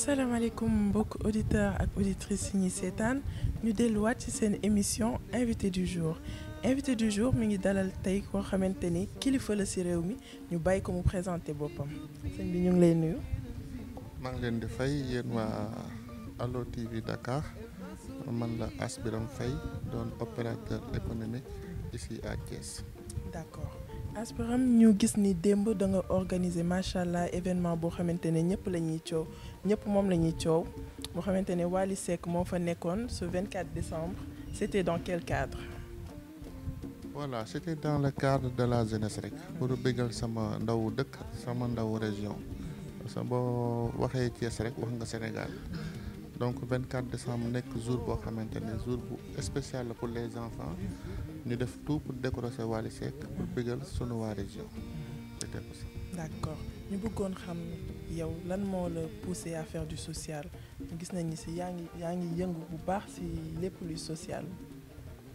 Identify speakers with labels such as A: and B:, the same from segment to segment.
A: asalaamaaleykum alaikum beaucoup auditeurs auditrices yi ñi seetaan ñu delluwaat ci émission invité du jour invité du jour mi ngi dalal tey koo xamante ni kilifa la ci réew mi ñu bàyyi ko mu présenté boppam sëñ bi ñu ngi lay nuyu.
B: ngi leen fay yéen Allo TV Dakar man la Asbiram Fay, doon opérateur économique ici à Thiès.
A: d'accord. Asbiram ñu gis ni démb da nga organiser macha événement boo xamante ne ñëpp la ñuy coow ñëpp moom la ñuy coow boo xamante ne moo fa nekkoon ce 24 décembre c'était dans quel cadre.
B: voilà c'était dans le cadre de la jeunesse rek pour bégal sama ndaw dëkk sama ndaw région parce que boo waxee Thiès rek wax nga Sénégal donc 24 décembre nekk jour boo xamante ne jour bu spécial pour les enfants ñu def tout pour décrocher Wally Seck pour bégal sunu waa région c'était possible
A: d'accord ñu bëggoon xam yow lan moo la poussé à faire du social gis nañu si yaa ngi yaa ngi yëngu bu baax si lépp luy social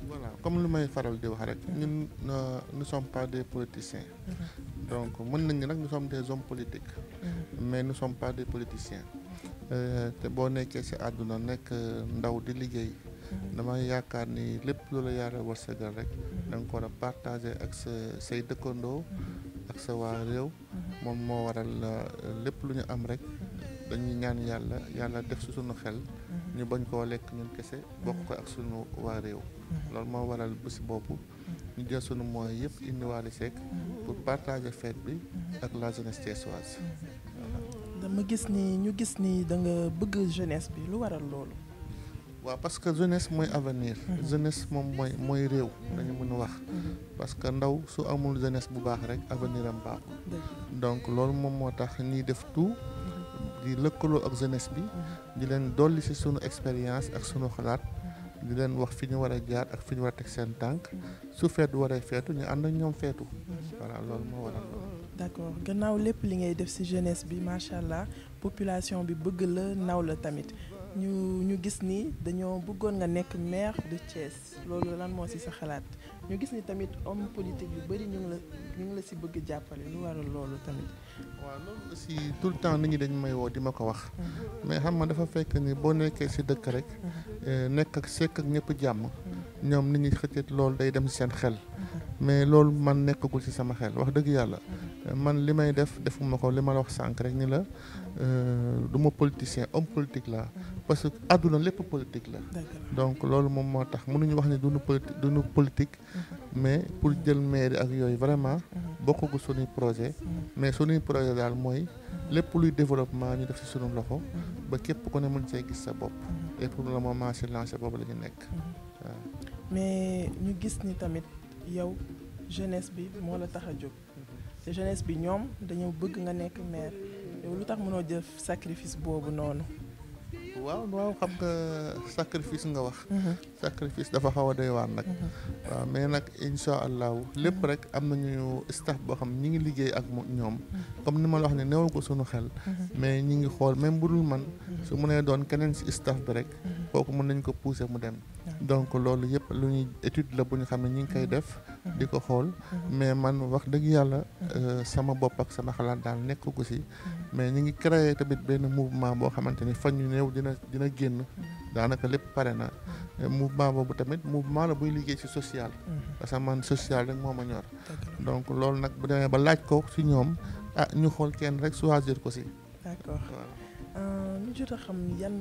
B: voilà comme lu may faral di wax rek mhm. ñun euh, nous sommes pas des politiciens
A: mhm.
B: donc mën nañu nag nous sommes des hommes politiques mhm. mais nous sommes pas des politiciens euh, te boo nekkee si àdduna nekk euh, ndaw di liggéey dama yaakaar ni lépp loola yàlla warsagal rek mm-hmm. da nga ko war a partager ak sa say dëkkandoo mm-hmm. ak sa waa réew mm-hmm. moom moo waral euh, lépp lu ñu am rek dañuy ñaan yàlla yàlla def su sunu xel ñu bañ koo lekk ñun kese bokk ko ak suñu waa réew loolu moo waral bés boobu ñu jël sunu moyens yëpp indiwaale seek pour partager fête bi ak la jeunesse thiessoise
A: dama gis ni ñu gis ni danga bëgg jeunesse bi lu waral loolu
B: waaw parce que jeunesse mooy avenir mhm. jeunesse moom mooy mooy réew dañu mën a wax mhm. parce que ndaw su amul jeunesse bu baax rek avenir am baaxul donc loolu moom moo tax ñuy def tout mhm. di lëkkaloo ak jeunesse bi di leen dolli si sunu expérience ak sunu xalaat di leen wax fi ñu war a jaar ak fi ñu war teg seen tànk su feetu
A: waree feetu ñu ànd ak ñoom feetu voilà loolu moo waral loolu d'accord gannaaw lépp li ngay def ci jeunesse bi macha allah population bi bëgg la naw la tamit ñu ñu gis ni dañoo bëggoon nga nekk maire de Thiès loolu lan moo ci sa xalaat ñu gis ni tamit homme politique yu bëri ñu ngi la ñu la ci bëgg jàppale lu waral loolu tamit. waaw loolu tout le temps
B: nit ñi dañ may woo di ma ko wax. Mhm. mais xam ma dafa fekk ni boo nekkee si dëkk rek. Mhm. Eh, nekk ak sekk ak ñëpp jàmm. Mhm. ñoom nit ñi xëcc loolu day dem ci seen xel. mais loolu man nekkagul ci sama xel wax dëgg yàlla. man li may def defuma ko li ma la wax sànq rek ni la euh, du ma politicien homme politique la parce que aduna lépp politique la donc loolu moom moo tax mënuñu wax ne duñu politique duñu mhm. politique mais pour jël maire ak yooyu vraiment mhm. bokkagu suñuy projet mhm. mais suñuy projet daal mooy lépp luy développement ñu def si sunu loxo ba képp ku ne mën see gis sa bopp et pour le moment si lancé boobu la ñu nekk
A: mais ñu gis ni tamit yow jeunesse bi moo la tax a jóg te bi ñoom dañoo bëgg nga nekk maire yow lu tax mënoo jëf sacrifice boobu noonu. waaw waaw xam nga sacrifice nga wax. Mhm.
B: sacrifice dafa xaw a doy nag. Mhm. waaw mais nag incha allahu lépp mhm. rek am nañu staff boo xam ñu ngi liggéey ak ñoom. comme ni ma la wax ne newal ko sunu xel. mais ñi ngi xool même bu dul man. su mënee doon keneen si bi rek. kooku mën nañ ko pousser mu dem donc loolu yëpp lu ñuy étude la bu ñu xam ne ngi koy mm-hmm. def mm-hmm. di ko xool mm-hmm. mais man wax dëgg yàlla euh, sama bopp ak sama xalaat daal nekk ko si mais ñi ngi créer tamit benn mouvement boo xamante ni fan yu néew dina dina génn daanaka lépp pare na mouvement boobu tamit mouvement la buy liggéey ci social parce que man social rek moo ma ñor donc loolu nag bu demee ba laaj ko si ñoom ah ñu xool kenn rek choisir ko si
A: d'accord euh, ñu jot a xam yan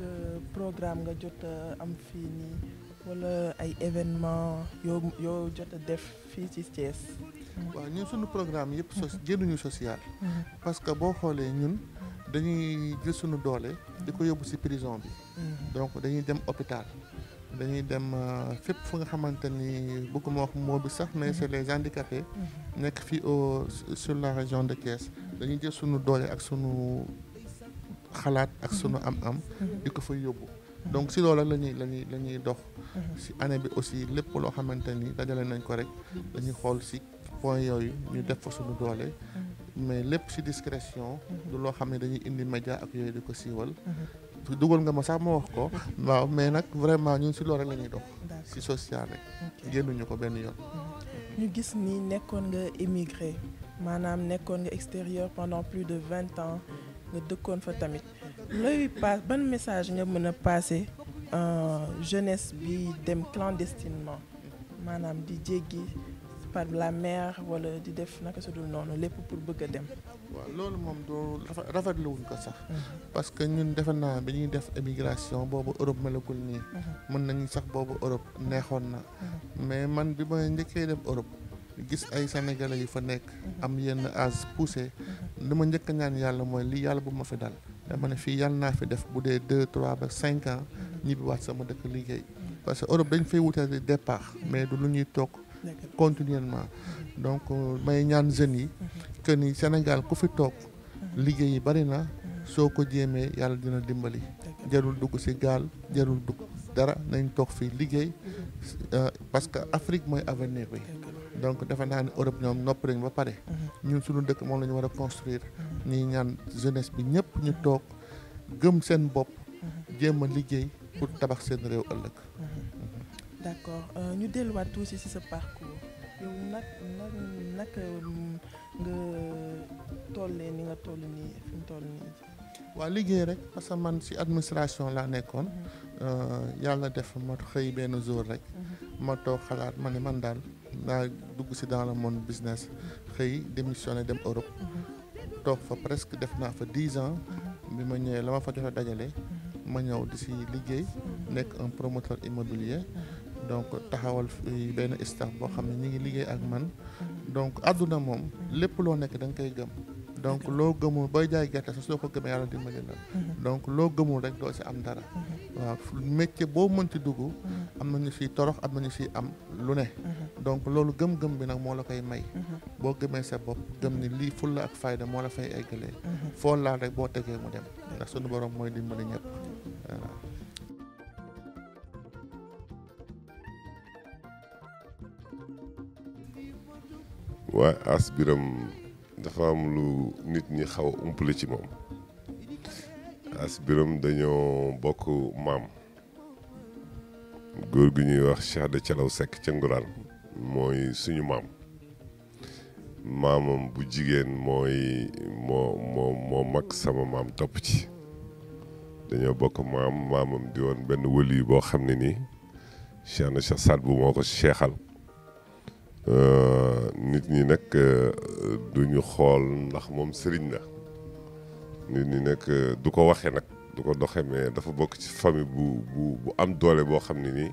A: Euh, programme nga jot euh, am fii wala ay événement yo jot def de ci
B: programme mm-hmm. social. Mm-hmm. parce que bo les ñun dañuy jël suñu doole. di ko prison mm-hmm. donc dañuy dem hôpital. dañuy dem euh, fépp fu nga ni wax mais les handicapés. nekk fii au sur la région de Thiès. dañuy jël suñu doole ak xalaat ak sunu am-am di ko fa yóbbu donc si loolu lañuy lañuy lañuy ñuy dox si année bi aussi lépp loo xamante ni dajale nañ ko rek dañuy xool si point yooyu ñu def fa sunu doole mais lépp si discrétion du loo xam ne dañuy indi média ak yooyu di ko siiwal dugal nga ma sax ma wax ko waaw mais nag vraiment ñun si loolu rek la ñuy dox si social rek génnuñu ko benn yoon
A: ñu gis ni nekkoon nga émigré maanaam nekkoon nga extérieur pendant plus de 20 ans nga dëkkoon fa tamit looy paas ban message nga mën a passé euh, jeunesse bi dem clandestinement maanaam di jéggi par la mer wala di def naka su dul noonu lépp pour bëgg a dem. waaw loolu moom du rafetlu wuñ ko sax.
C: Mhm.
B: parce que ñun defe naa bi ñuy def émigration boobu Europe melagul nii. Mhm. mën nañu sax boobu Europe neexoon na. Mhm. mais man bi ma njëkkee def Europe. gis ay sénégalais yu fa nekk. am yenn âge poussé. li ma njëkk ñaan yàlla mooy lii yàlla bu ma fi dal. dama ne fii yàlla naa fi def bu dee deux trois ba cinq ans ñibbiwaat sama dëkk liggéey. parce que Europe dañ fay wutee di départ. mais du lu ñuy toog. continuellement donc euh, may ñaan jeunes yi. que ni Sénégal ku fi toog. liggéey yi bari na. soo ko jéemee yàlla dina dimbali. jarul dugg ci gaal jarul dugg dara nañ toog fii liggéey euh, parce que Afrique mooy avenir bi. donc defe naa ne Europe ñoom noppi nañ ba pare. Mhm. ñu suñu dëkk moom la ñu war a construire. Mhm. ñuy ñaan jeunesse bi ñëpp ñu toog gëm seen bopp. Mhm. jéem a liggéey pour tabax seen réew ëllëg.
A: d' accord euh, ñu delluwaat tuuti si sa parcours yow nag nag euh,
B: liggéey rek parce que man si administration laa nekkoon. Euh, yàlla def ma xëy benn jour rek. ma toog xalaat ma ne man daal. naa dugg si dans le monde business xëy démissionné dem Europe toog fa presque def naa fa dix ans bi ma ñëwee la ma fa jot a dajale ma ñëw di si liggéey nekk un promoteur immobilier donc taxawal fi benn staff boo xam ne ñi ngi liggéey ak man donc àdduna moom lépp loo nekk da nga koy gëm donc loo gëmul booy jaay gerte sax soo ko gëmee yàlla dimbali la mhm. donc loo gëmul rek doo si am dara mhm. waaw métier boo mënti dugg mhm. am na ñu siy torox am na ñu siy am lu ne donc loolu gëm-gëm bi nag moo la koy may mhm. boo gëmee sa bopp gëm ni lii fulla ak fayda moo la fay eggalee mhm. foo laal rek boo tegee mu dem ndax sunu borom mooy dimbali ñëpp voilà
C: waaye as dafa am lu nit ñi xaw a umpale ci moom as biram dañoo bokk maam góor gu ñuy wax Cheikh de Calaw Seck ca mooy suñu maam maamam bu jigéen mooy moo moo moo mag sama maam topp ci dañoo bokk maam maamam di woon benn wëli boo xam ne nii Cheikh na Cheikh Saad bu moo ko seexal euh, nit ñi nag euh, duñu xool ndax moom sëriñ la nit ñi nag euh, du ko waxee nag du ko doxee dafa bokk ci famille bu bu am doole boo xam ne nii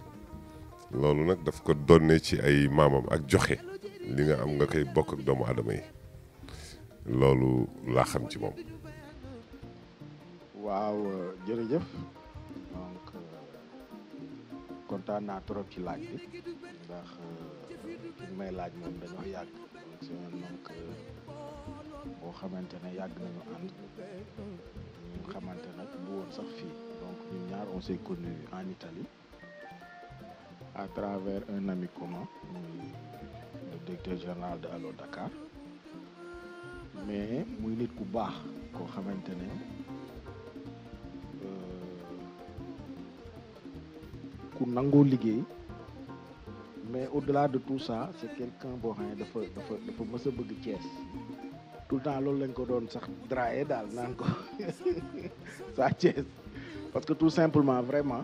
C: loolu nag daf ko donne ci ay maamam ak joxe li nga am nga koy bokk ak doomu aadama yi loolu laa xam ci moom.
D: waaw jërëjëf donc euh, kontaan naa trop ci laaj bi ndax ki euh, may laaj moom dañoo yàgg euh, boo xamante ne yàgg nañu ànd ñu xamante nag bu woon sax fii donc ñun ñaar on s'est connu en Italie. à travers un ami commun, le directeur général de Allo Dakar mais muy nit ku baax koo est ne euh, ku nangoo liggéey mais au-delà de tout ça c'est quelqu'un qui a besoin dafa dafa dafa tout le temps il a ko doon sax draayee parce que tout simplement vraiment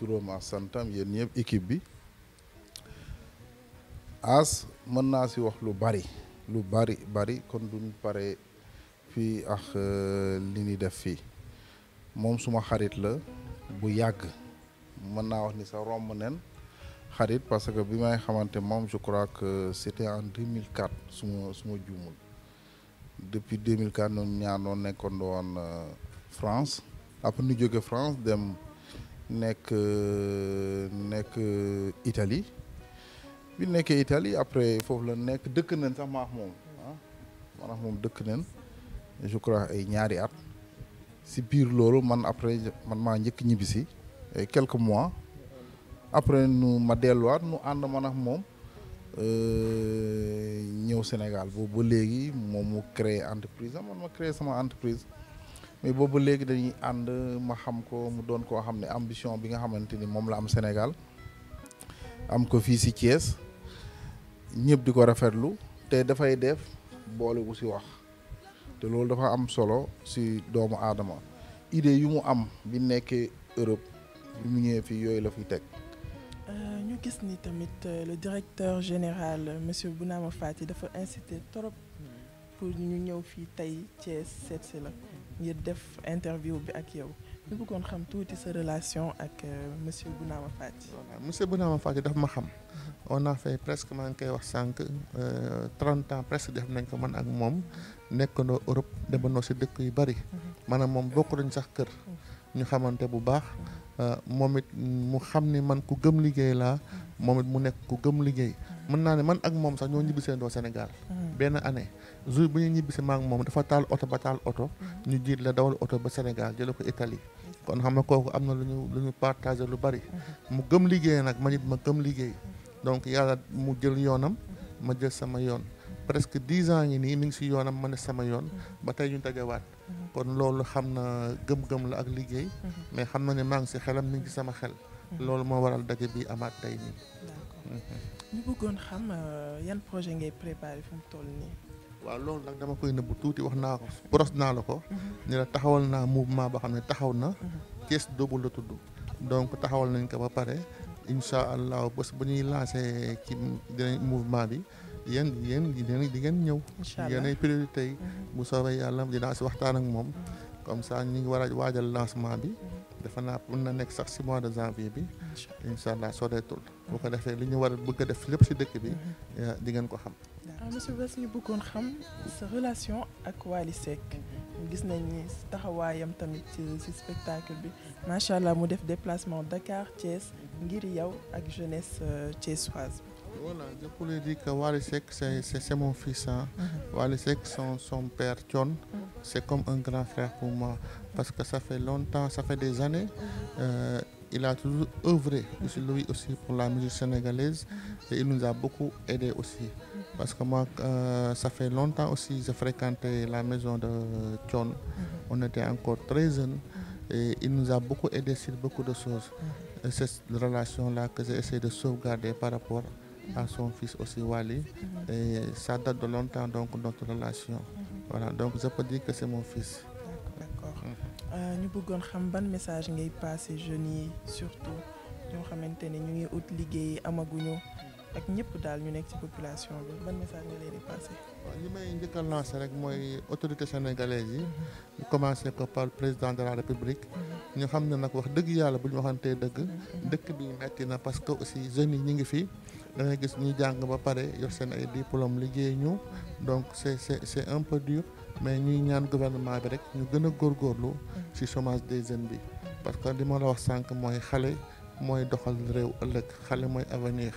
E: turam ak santam yéen ñëpp équipe bi as mën naa si wax lu bari lu bari bari kon duñ paré fi ak euh, li ñuy def fi mom suma xarit la bu yàgg mën naa wax ni sa romb nen xarit parce que bi may xamanté mom je crois que c'était en 2004 suma suma djumul depuis 2004 ñun ñaar noo nekkoon woon euh, France après nous jóge France dem nek nek Italie bi nek Italie après fof la nek dëkk nañ sax ma moom ah maanaam moom dëkk nañ je crois ay ñaari at si biir lolu man après man ma ñëk ñibbi quelques mois après nous ma delluwaat nous and man ak euh ñëw Sénégal bo ba léegi moom mu entreprise man ma créer sama entreprise mais bobu léegi dañuy and ma xam ko mu doon ko xam ambition bi nga xamanteni mom la am Sénégal am ko fi ci Thiès ñëpp di ko rafetlu da fay def boole wu ci wax té loolu dafa am solo ci doomu aadama idée yu mu am bi nekké Europe bi mu ñëwee fii yooyu la fi teg.
A: Euh, ñu gis ni tamit euh, le directeur général monsieur Bounama Fati dafa incité trop pour ñu ñëw fi tay Thiès seetsi la ngir def interview bi ak yow ñu bëggoon xam tuuti sa relation ak euh, monsieur Bounama Faty. voilà monsieur
B: Bounama Faty daf ma xam on a fait presque maa ngi koy wax sànq 30 euh, ans presque def nañ ko man ak moom nekkandoo Europe demandoo si dëkk yu bari. Mhm. maanaam moom bokk nañ sax kër. Mhm. ñu xamante bu baax. Mhm. Euh, moom it mu xam ni man ku gëm liggéey laa moom it mu nekk ku gëm liggéey mën naa ne man ak moom sax ñoo ñibbisee doo Sénégal mm. benn année jour bi ñu ñibbisee maa moom dafa taal oto ba taal oto ñu jiit la dawal oto ba Sénégal jële ko Italie kon xam nga kooku am na lu ñu lu ñu lu bari mm-hmm. mu gëm liggéey nag man it ma gëm liggéey donc yàlla mu jël yoonam ma jël sama yoon presque dix ans ngi nii mi ngi si yoonam ma ne sama yoon mm-hmm. ba tey ñu dajawaat mm-hmm. kon loolu xam na gëm-gëm la ak liggéey mm-hmm. mais xam na ne maa ngi si xelam mi ngi si sama xel loolu moo waral daje bi amaat tey nii
A: ñu bëggoon xam euh, yan projet ngay préparé fi mu toll nii waaw loolu
B: nag dama koy nëbbu tuuti wax naa ko boros naa la ko ni la taxawal naa mouvement boo xam ne taxaw na Thiès Dóobul la tudd donc taxawal nañ ko ba pare incha allah bés bu ñuy lancé ci dinañ mouvement yéen yéen di ngeen ñëw yéen priorité yi mm-hmm. bu soobee yàlla dinaa ak moom mm-hmm. comme ça ñu ngi war a lancement bi mm-hmm. naa sax mois de janvier bi incha allah bu ko defee li ñu war a bëgg a def lépp si dëkk bi eh, di ngeen ko xam
A: monsieur Bass ñu bëggoon xam sa relation ak Wally Seck gis nañ ni taxawaayam tamit ci spectacle bi macha mu def déplacement Dakar Thiès ngir yow ak jeunesse euh,
B: voilà, je voulais dire que Warisek, c'est mon fils. Hein. Mm-hmm. son, père, John, mm-hmm. c'est comme un grand frère pour moi. Parce que ça fait longtemps, ça fait des années. Mm-hmm. Euh, il a toujours œuvré, lui aussi, pour la musique sénégalaise. Et il nous a beaucoup aidé aussi. Parce que moi, euh, ça fait longtemps aussi, je fréquentais la maison de John. On était encore très jeunes. Et il nous a beaucoup aidé sur beaucoup de choses. cette relation-là que j'ai essayé de sauvegarder par rapport à son fils aussi Wali. Mhm. Et ça date de longtemps, donc, notre relation. Mhm. Voilà, donc je peux dire que c'est mon fils. D'accord.
A: nous mhm. euh, voulons xam ban message ngay passé jeunes surtout ñoo xamante ne ñu ngi ut liggéey amaguñu ak ñëpp dal ñu nek ci population bi ban message nga lay passé.
B: waaw li may njëkk a lancé rek moy autorité sénégalaise yi. commencé par par président de la république. ñu xamné ne wax dëgg yalla buñ waxanté dëgg. dëkk bi metti na parce que aussi jeunes yi ngi fi. da ngay gis ñuy jàng ba pare yor seen ay diplôme liggéey ñu donc c'est c'est c'est un peu dur mais ñuy ñaan gouvernement bi rek ñu gën a góorgóorlu ci chômage des jeunes bi parce que li ma la wax sànq mooy xale mooy doxal réew ëllëg xale mooy avenir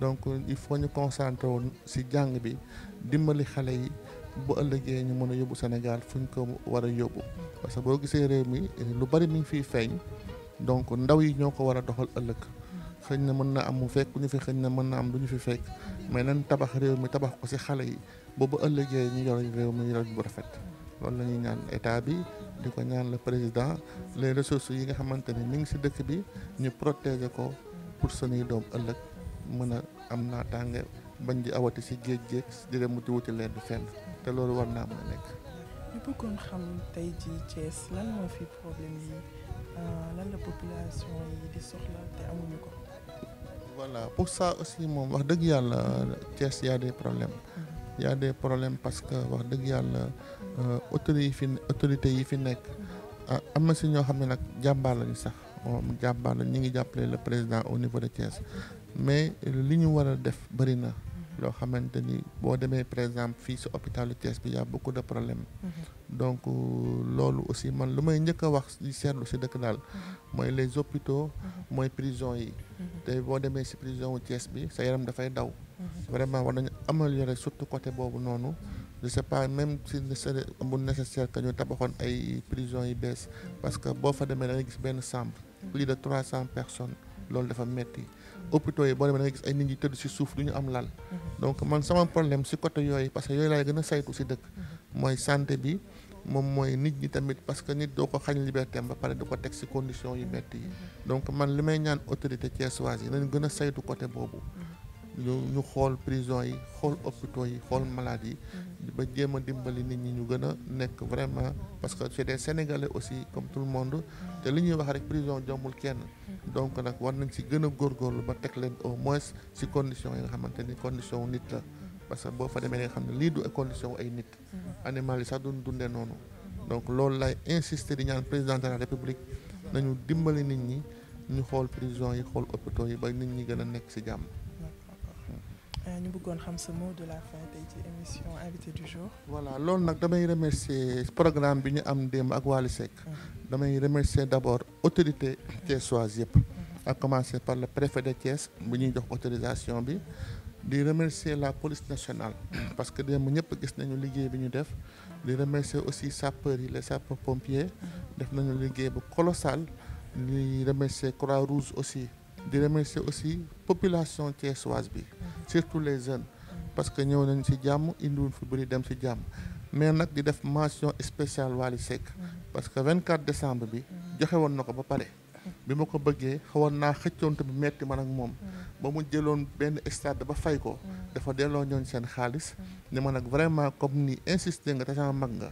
B: donc il faut ñu concentrer woon ci jàng bi dimbali xale yi bu ëllëgee ñu mën a yóbbu Sénégal fu ñu ko war a yóbbu parce que boo gisee réew mi lu bari mi ngi fiy feeñ donc ndaw yi ñoo ko war a doxal ëllëg xëy na mën na am mu fekk ñu fi xëy na mën na am du ñu fi fekk mais nan tabax réew mi tabax ko si xale yi boobu ëllëgee ñu yor réew mi yor bu rafet loolu la ñuy ñaan état bi di ko ñaan le président les ressources yi nga xamante ni mi ngi si dëkk bi ñu protéger ko pour suñuy doom ëllëg mën a am naataange bañ di awati si géej géej di dem wuti wuti leen di fenn te loolu war naa mën a nekk.
A: ñu bëggoon xam tey jii Thiès lan moo fi problème yi euh, lan la population yi di soxla te amuñu ko. voilà
B: pour ça aussi moom wax dëgg yàlla Thiès y a des problèmes y a des problèmes parce que wax dëgg yàlla euh, autorités yi fi autorités yi fi nekk ah, am na si ñoo xam ne nag jàmbaar lañu sax moom jàmbaar la ñu ngi jàppale le président au niveau de Thiès mais li ñu war a def bëri na loo xamante ni boo demee par exemple fii si hôpital Thiès bi y a beaucoup de problème donc euh, loolu aussi man lu may njëkk a wax di seetlu si dëkk daal mooy les hôpitaux mooy prison yi mhm. te boo demee si prison wu Thiès bi sa yaram dafay daw mhm. vraiment war nañu améliorer surtout côté boobu noonu je sais pas même si bu nécessaire que ñu tabaxoon ay prison yi bees parce que boo fa demee da gis benn chambre mhm. plus de 300 personnes loolu dafa metti hôpitaux yi boo demee da gis ay nit ñi tëdd si suuf du ñu am lal donc man sama problème si côté yooyu parce que yooyu laay gën a saytu si dëkk mooy santé bi moom mooy nit ñi tamit parce que nit doo ko xañ liberté am ba pare du ko teg ci condition yu metti yi mm-hmm. donc man li may ñaan autorité thiessoise yi nañu gën a saytu côté boobu mm-hmm. ñu ñu xool prison yi xool hôpitaux yi xool malade yi mm-hmm. ba jéem a dimbali nit ñi ñu gën a nekk vraiment parce que c'est des sénégalais aussi comme tout le monde te li ñuy wax rek prison jombul kenn donc nag war nañ ci gën a góorgóorlu ba teg leen au moins ci condition yi nga xamante ni condition nit la parce que boo nga ne condition ay nit mhm. donc loolu lay insister président de la république nañu dimbali nit ñi ñu prison yi yi ba nit ñi a nekk
A: euh, mot de la fin ci invité du jour.
B: voilà programme bi ñu am démb ak mhm. remercier mhm. à commencer par le préfet de Thiès bu ñuy jox autorisation di remercier la police nationale parce que démb ñëpp gis nañu liggéey bi ñu def di remercier aussi sapeurs yi les sapeurs pompiers def nañu liggéey bu colossal di remercier croix rouge aussi di remercier aussi population thiessoise bi surtout les jeunes parce que ñëw nañ ci jàmm indiwuñ fi bëri dem ci jàmm mais nag di def mention spéciale Wally Seck parce que 24 décembre bi joxe woon na ko ba pare bi ma ko bëggee xawoon naa xëccoon tamit metti man ak moom ba mu jëloon benn stade ba fay ko dafa delloo ñooñ seen xaalis ne ma nag vraiment comme ni insister nga te sama mag nga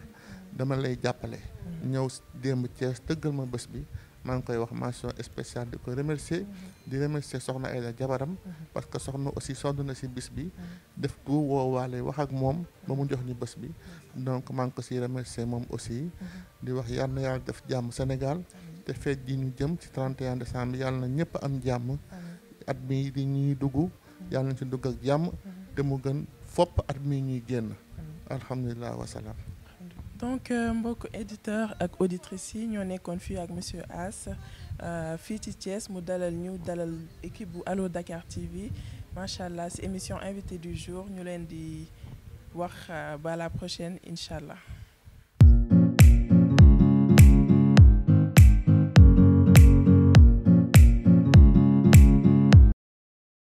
B: dama lay jàppale ñëw démb Thiès tëggal ma bés bi maa ngi koy wax mention spéciale di ko remercier di remercier soxna ay Aïda jabaram parce que soxna aussi sonn na si bis bi def tout woowaale wax ak moom ba mu jox ñu bés bi donc maa ngi ko si remercier moom aussi di wax yal na yàlla def jàmm Sénégal te feej di ñu jëm ci 31 décembre yalla na ñëpp am jamm at mi di ñuy duggu yalla na ci dugg ak jamm te mu gën fop at mi ñuy génn wa salam
A: donc euh, mbokk éditeur ak auditrice yi ñoo nekkoon fii ak monsieur As euh, fii ci Thiès mu dalal ñu dalal équipe bu Allo Dakar TV machallah allah émission invité du jour ñu leen di wax euh, ba la prochaine inshallah